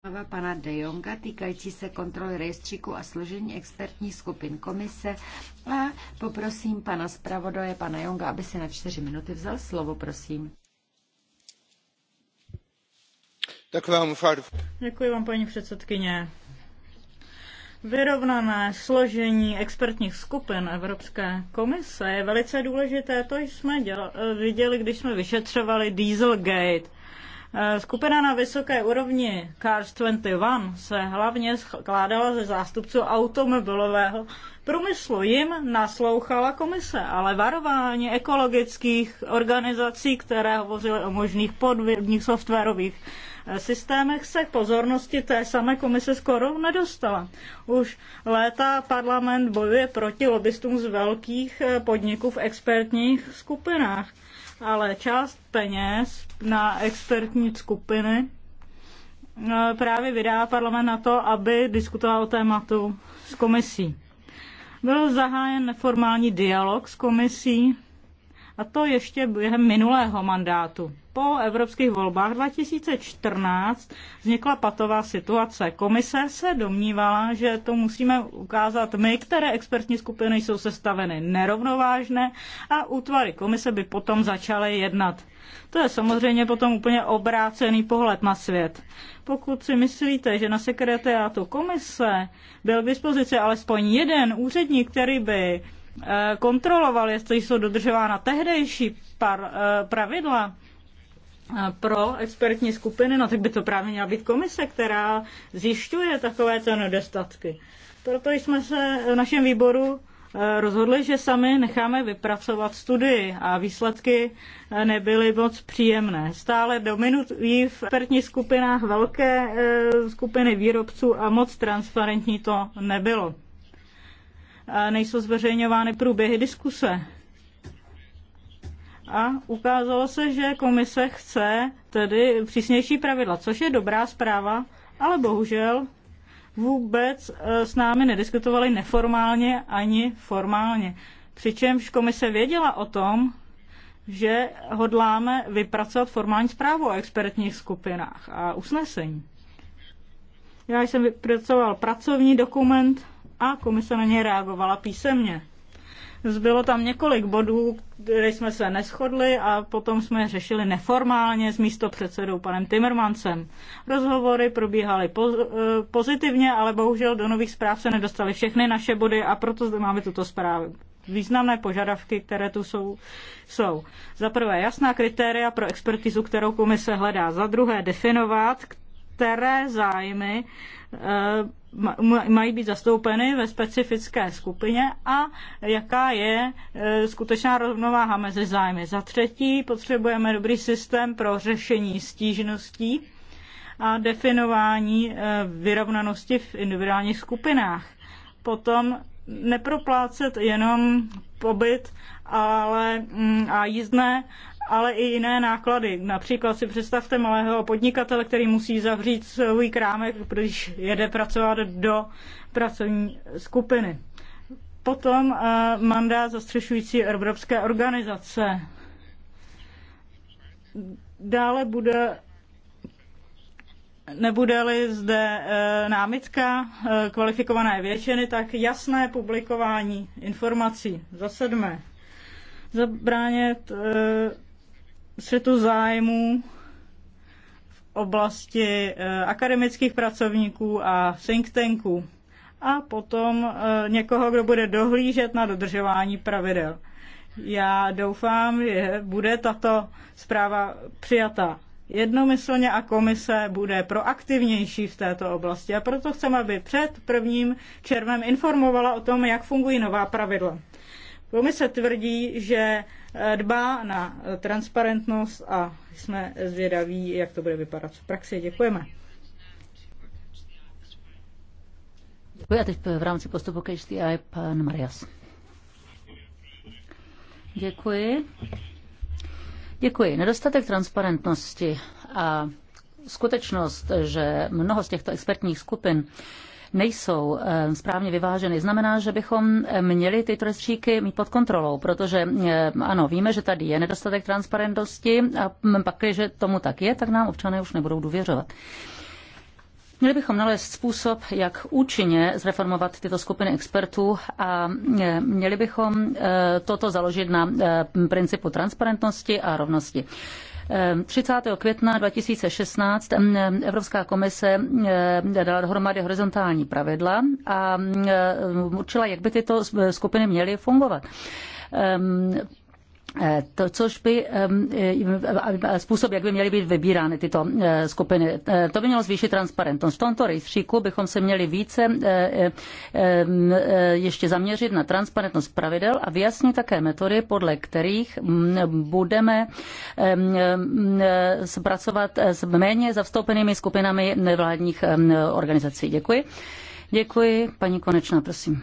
zpráva pana De Jonga týkající se kontroly rejstříku a složení expertních skupin komise. A poprosím pana zpravodaje, pana Jonga, aby si na čtyři minuty vzal slovo, prosím. Děkuji vám, paní předsedkyně. Vyrovnané složení expertních skupin Evropské komise je velice důležité. To jsme děla- viděli, když jsme vyšetřovali Dieselgate Eh, skupina na vysoké úrovni Cars 21 se hlavně skládala ze zástupců automobilového průmyslu. Jim naslouchala komise, ale varování ekologických organizací, které hovořily o možných podvodních softwarových eh, systémech se pozornosti té samé komise skoro nedostala. Už léta parlament bojuje proti lobbystům z velkých eh, podniků v expertních skupinách ale část peněz na expertní skupiny eh, právě vydá parlament na to, aby diskutoval o tématu s komisí. Byl zahájen neformální dialog s komisí a to ještě během minulého mandátu. Po evropských volbách 2014 vznikla patová situace. Komise se domnívala, že to musíme ukázat my, které expertní skupiny jsou sestaveny nerovnovážné a útvary komise by potom začaly jednat. To je samozřejmě potom úplně obrácený pohled na svět. Pokud si myslíte, že na sekretariátu komise byl k dispozici alespoň jeden úředník, který by Eh, kontroloval, jestli jsou dodržována tehdejší par, eh, pravidla eh, pro expertní skupiny, no tak by to právě měla být komise, která zjišťuje takovéto nedostatky. Proto jsme se v našem výboru rozhodli, že sami necháme vypracovat studii a výsledky nebyly moc příjemné. Stále dominují v expertních skupinách velké skupiny výrobců a moc transparentní to nebylo nejsou zveřejňovány průběhy diskuse. A ukázalo se, že komise chce tedy přísnější pravidla, což je dobrá zpráva, ale bohužel vůbec eh, s námi nediskutovali neformálně ani formálně. Přičemž komise věděla o tom, že hodláme vypracovat formální zprávu o expertních skupinách a usnesení. Já jsem vypracoval pracovní dokument a komise na ně reagovala písemně. Zbylo tam několik bodů, kde jsme se neschodli a potom jsme je řešili neformálně s předsedou panem Timmermansem. Rozhovory probíhaly poz- eh, pozitivně, ale bohužel do nových zpráv se nedostaly všechny naše body a proto zde máme tuto zprávu významné požadavky, které tu jsou. jsou. Za prvé jasná kritéria pro expertizu, kterou komise hledá. Za druhé definovat, které zájmy eh, mají být zastoupeny ve specifické skupině a jaká je eh, skutečná rovnováha mezi zájmy. Za třetí potřebujeme dobrý systém pro řešení stížností a definování eh, vyrovnanosti v individuálních skupinách. Potom neproplácet jenom pobyt ale, mm, a jízdné, ale i jiné náklady. Například si představte malého podnikatele, který musí zavřít svůj krámek, když jede pracovat do pracovní skupiny. Potom eh, mandát zastřešující evropské organizace. Dále bude nebude-li zde eh, námitka eh, kvalifikované většiny, tak jasné publikování informací. Za sedmé, zabránět střetu zájmů v oblasti eh, akademických pracovníků a think tanků a potom eh, někoho, kdo bude dohlížet na dodržování pravidel. Já doufám, že bude tato zpráva přijata jednomyslně a komise bude proaktivnější v této oblasti. A proto chceme, aby před prvním červem informovala o tom, jak fungují nová pravidla. Komise tvrdí, že eh, dbá na eh, transparentnost a jsme zvědaví, jak to bude vypadat v praxi. Děkujeme. Děkuji a teď v rámci postupu KHTI pan Marias. Děkuji. Děkuji. Nedostatek transparentnosti a skutečnost, že mnoho z těchto expertních skupin nejsou eh, správně vyváženy, znamená, že bychom eh, měli ty trestříky mít pod kontrolou, protože eh, ano, víme, že tady je nedostatek transparentnosti a mm, pak, když tomu tak je, tak nám občané už nebudou důvěřovat. Měli bychom nalézt způsob, jak účinně zreformovat tyto skupiny expertů a měli bychom toto založit na principu transparentnosti a rovnosti. 30. Ehm, května 2016 ehm, Evropská komise ehm, dala dohromady horizontální pravidla a určila, jak by tyto skupiny měly fungovat Eh, to, což by eh, způsob, jak by měly být vybírány tyto eh, skupiny, to by mělo zvýšit transparentnost. V tomto rejstříku bychom se měli více ještě zaměřit na transparentnost pravidel a vyjasnit také metody, podle kterých mm, budeme pracovat s méně zavstoupenými skupinami nevládních organizací. Děkuji. Děkuji. Paní Konečná, prosím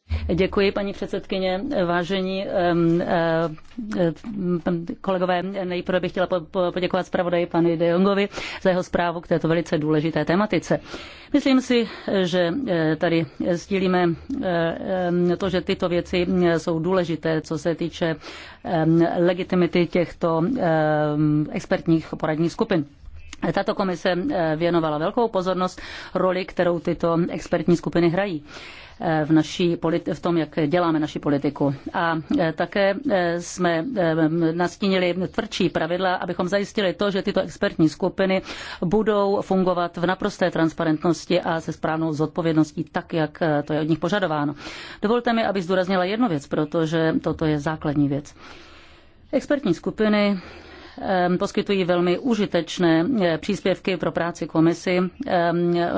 Děkuji, paní předsedkyně. Vážení kolegové, nejprve bych chtěla poděkovat zpravodaji panu De Jongovi za jeho zprávu k této velice důležité tematice. Myslím si, že e, tady sdílíme e, to, že tyto věci jsou důležité, co se týče legitimity těchto expertních poradních skupin. Tato komise eh, věnovala velkou pozornost roli, kterou tyto expertní skupiny hrají eh, v, naší v tom, jak děláme naši politiku. A eh, také jsme nastínili tvrdší pravidla, abychom zajistili to, že tyto expertní skupiny budou fungovat v naprosté transparentnosti a se správnou zodpovědností, tak jak to je od nich požadováno. Dovolte mi, abych zdůraznila jednu věc, protože toto je základní věc. Expertní skupiny poskytují velmi užitečné eh, příspěvky pro práci komisi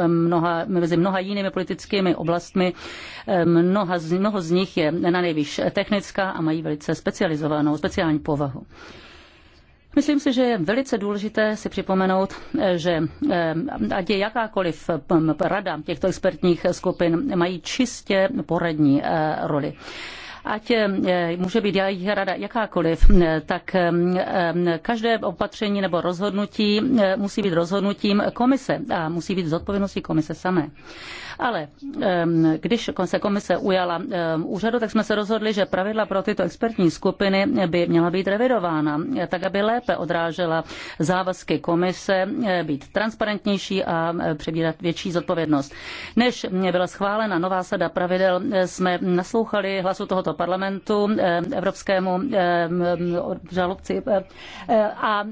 mnoha, mezi mnoha jinými politickými oblastmi. Mnoha, mnoho z nich je na nejvýš technická a mají velice specializovanou, speciální povahu. Myslím si, že je velice důležité si připomenout, eh, že ať je jakákoliv rada těchto expertních skupin, mají čistě poradní eh, roli ať eh, může být jejich rada jakákoliv, eh, tak eh, každé opatření nebo rozhodnutí musí být rozhodnutím komise a musí být zodpovědností komise samé. Ale když se komise ujala úřadu, tak jsme se rozhodli, že pravidla pro tyto expertní skupiny by měla být revidována, tak aby lépe odrážela závazky komise, být transparentnější a přebírat větší zodpovědnost. Než byla schválena nová sada pravidel, jsme naslouchali hlasu tohoto parlamentu, eh, evropskému eh, žalobci eh, a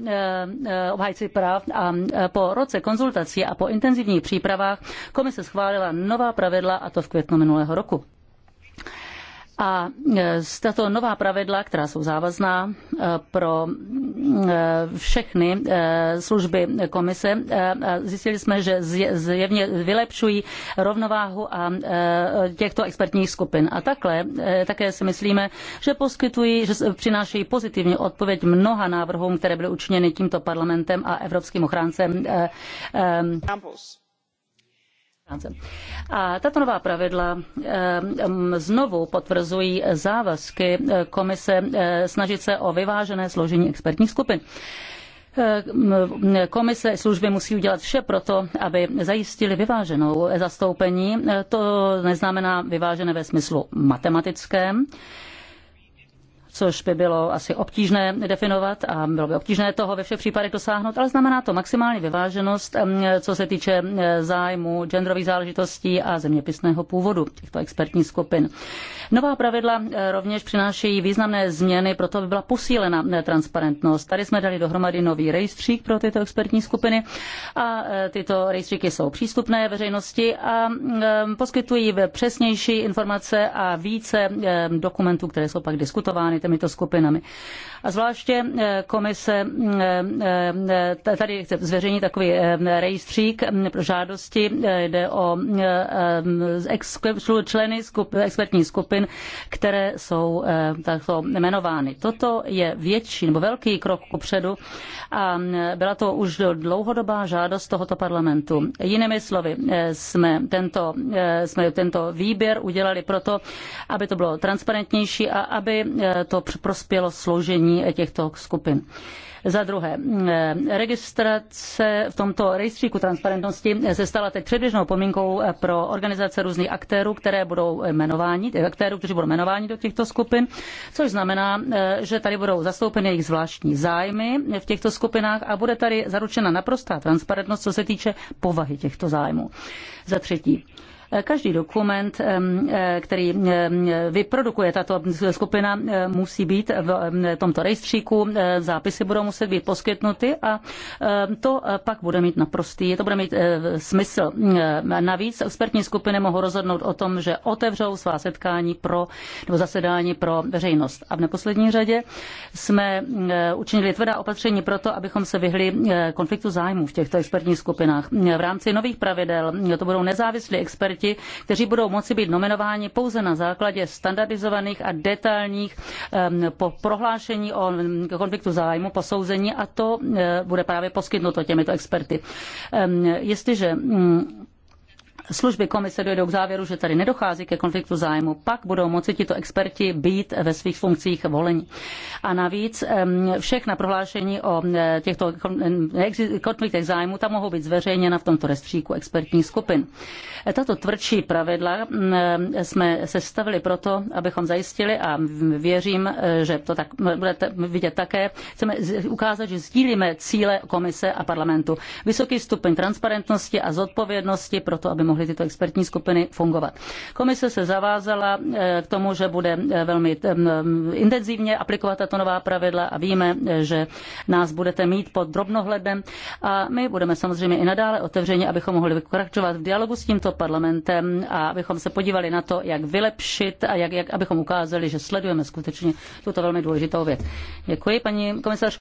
obhájci práv. A po roce konzultací a po intenzivních přípravách komise schválila nová pravidla a to v květnu minulého roku. A e, tato nová pravidla, která jsou závazná e, pro e, všechny služby komise, zjistili jsme, že zjevně vylepšují rovnováhu a těchto expertních skupin. A takhle také si myslíme, že poskytují, že přinášejí pozitivní odpověď mnoha návrhům, které byly učiněny tímto parlamentem a Evropským ochráncem. A tato nová pravidla ehm, ehm, znovu potvrzují závazky eh, komise eh, snažit se o vyvážené složení expertních skupin. Ehm, komise služby musí udělat vše proto, aby zajistili vyváženou zastoupení. Eh, to neznamená vyvážené ve smyslu matematickém, což by bylo asi obtížné definovat a bylo by obtížné toho ve všech případech dosáhnout, ale znamená to maximální vyváženost, co se týče zájmu genderových záležitostí a zeměpisného původu těchto expertních skupin. Nová pravidla rovněž přinášejí významné změny, proto by byla posílena transparentnost. Tady jsme dali dohromady nový rejstřík pro tyto expertní skupiny a e, tyto rejstříky jsou přístupné veřejnosti a poskytují přesnější informace a více dokumentů, které jsou pak diskutovány těmito skupinami. A zvláště eh, komise eh, eh, tady chce zveřejnit takový rejstřík mm, pro žádosti, jde o členy expertních skupin, které jsou takto jmenovány. Toto je větší nebo velký krok kupředu a byla to už dlouhodobá žádost tohoto parlamentu. Jinými slovy, jsme tento, jsme tento výběr udělali proto, aby to bylo transparentnější a aby to prospělo složení těchto skupin. Za druhé, eh, registrace v tomto rejstříku transparentnosti se stala teď předběžnou podmínkou pro organizace různých aktérů, které budou jmenováni, eh, aktérů, kteří budou jmenováni do těchto skupin, což znamená, eh, že tady budou zastoupeny jejich zvláštní zájmy v těchto skupinách a bude tady zaručena naprostá transparentnost, co se týče povahy těchto zájmů. Za třetí, Každý dokument, e, který vyprodukuje tato skupina, musí být v tomto rejstříku, e, zápisy budou muset být poskytnuty a to pak bude mít naprostý, to bude mít e, smysl. Navíc expertní skupiny mohou rozhodnout o tom, že otevřou svá setkání pro, nebo zasedání pro veřejnost. A v neposlední řadě jsme učinili tvrdá opatření pro to, abychom se vyhli konfliktu zájmů v těchto expertních skupinách. V rámci nových pravidel to budou nezávislí experti, experti, kteří budou moci být nominováni pouze na základě standardizovaných a detailních prohlášení o konfliktu zájmu, posouzení a to eh, bude právě poskytnuto těmito experty. Jestliže mm, služby komise dojdou k závěru, že tady nedochází ke konfliktu zájmu, pak budou moci tito experti být ve svých funkcích voleni. A navíc všechna prohlášení o těchto konfliktech zájmu tam mohou být zveřejněna v tomto rejstříku expertních skupin. Tato tvrdší pravidla jsme sestavili proto, abychom zajistili a věřím, že to tak budete vidět také, chceme ukázat, že sdílíme cíle komise a parlamentu. Vysoký stupeň transparentnosti a zodpovědnosti pro to, aby mohly tyto expertní skupiny fungovat. Komise se zavázala eh, k tomu, že bude eh, velmi intenzivně aplikovat tato tato nová pravidla a víme, že nás budete mít pod drobnohledem a my budeme samozřejmě i nadále otevřeni, abychom mohli vykračovat v dialogu s tímto parlamentem a abychom se podívali na to, jak vylepšit a jak, jak abychom ukázali, že sledujeme skutečně tuto velmi důležitou věc. Děkuji, paní komisař.